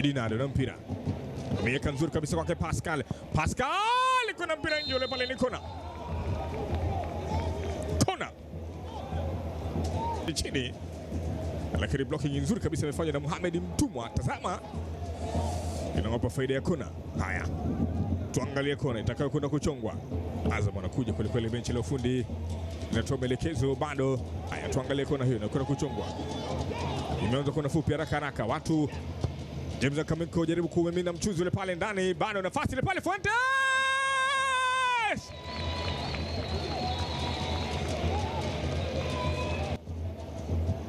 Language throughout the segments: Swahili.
idinado na mpira ameweka nzuri kabisa kwake Pascal. Pascal kuna mpira nje ule pale, ni kona kona chini, lakini blocking nzuri kabisa imefanywa na Mohamed Mtumwa. Tazama, inawapa faida ya kona. Haya, tuangalie kona itakayo kuchongwa. Azam anakuja kwelikweli, benchi la ufundi inatoa maelekezo bado. Haya, tuangalie kona hiyo inakwenda kuchongwa, imeanza kona fupi haraka haraka, watu James Akaminko jaribu kumimina mchuzi ule pale ndani, bado nafasi ile pale Fuentes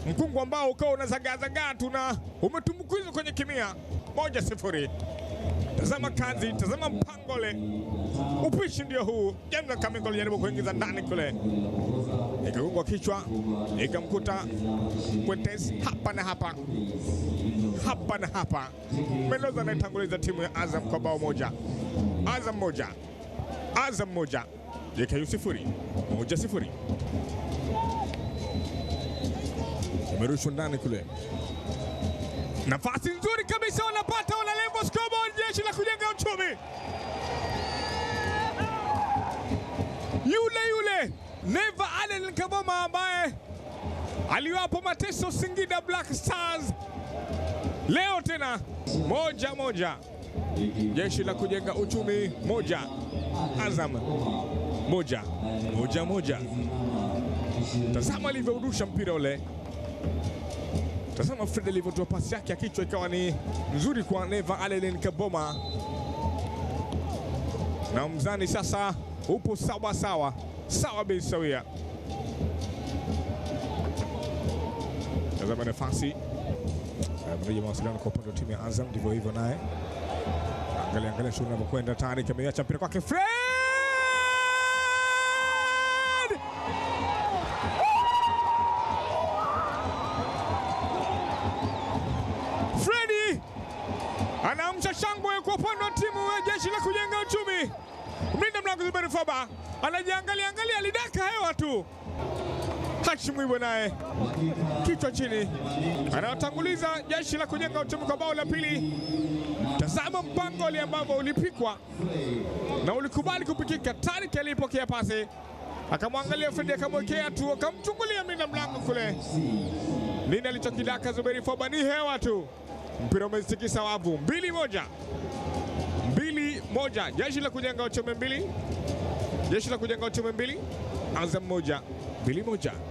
mkungu ambao ukawa unazagaazagaa tuna umetumbukizwa kwenye kimia moja sifuri. Tazama kazi, tazama ule, upishi ndio huu. James Akaminko alijaribu kuingiza ndani kule kwa kichwa, ikamkuta Mwetes hapa na hapa hapa na hapa. Mendoza anaitanguliza timu ya Azam kwa bao moja, Azam moja, Azam moja, JKU sifuri, moja sifuri. Umerushwa ndani kule, nafasi nzuri kabisa wanapata, wanalengo scoreboard, jeshi la kujenga uchumi yule yule Kaboma ambaye aliwapo mateso Singida Black Stars leo tena moja moja, jeshi la kujenga uchumi moja, Azam moja moja moja. Tazama alivyorusha mpira ule, tazama Fred alivyotoa pasi yake ya kichwa, ikawa ni nzuri kwa Neva Alelen Kaboma na mzani sasa upo sawa sawa sawa bei sawia. tazama nafasi eh, mreji mawasiliano kwa upande wa timu ya Azam, ndivyo hivyo naye, angalia angalia shughuli inavyokwenda. Tayari ameiacha mpira kwake Fred Fredi anamcha shangwe kwa upande wa timu ya Jeshi la Kujenga Uchumi, mlinda mlango Zuberi Faba anajiangalia angalia, alidaka hewa tu. Sachi Mwibwe naye kichwa chini anawatanguliza jeshi la kujenga uchumi kwa bao la pili. Tazama mpango ali ambavyo ulipikwa na ulikubali kupikika. Tarik alipokea pasi akamwangalia Fredi akamwekea tu akamchungulia mlinda mlango kule. Nini alichokidaka Zuberi Foba? Ni hewa tu, mpira umezitikisa wavu. Mbili moja, mbili moja, jeshi la kujenga uchumi mbili, jeshi la kujenga uchumi mbili, Azam moja, mbili moja.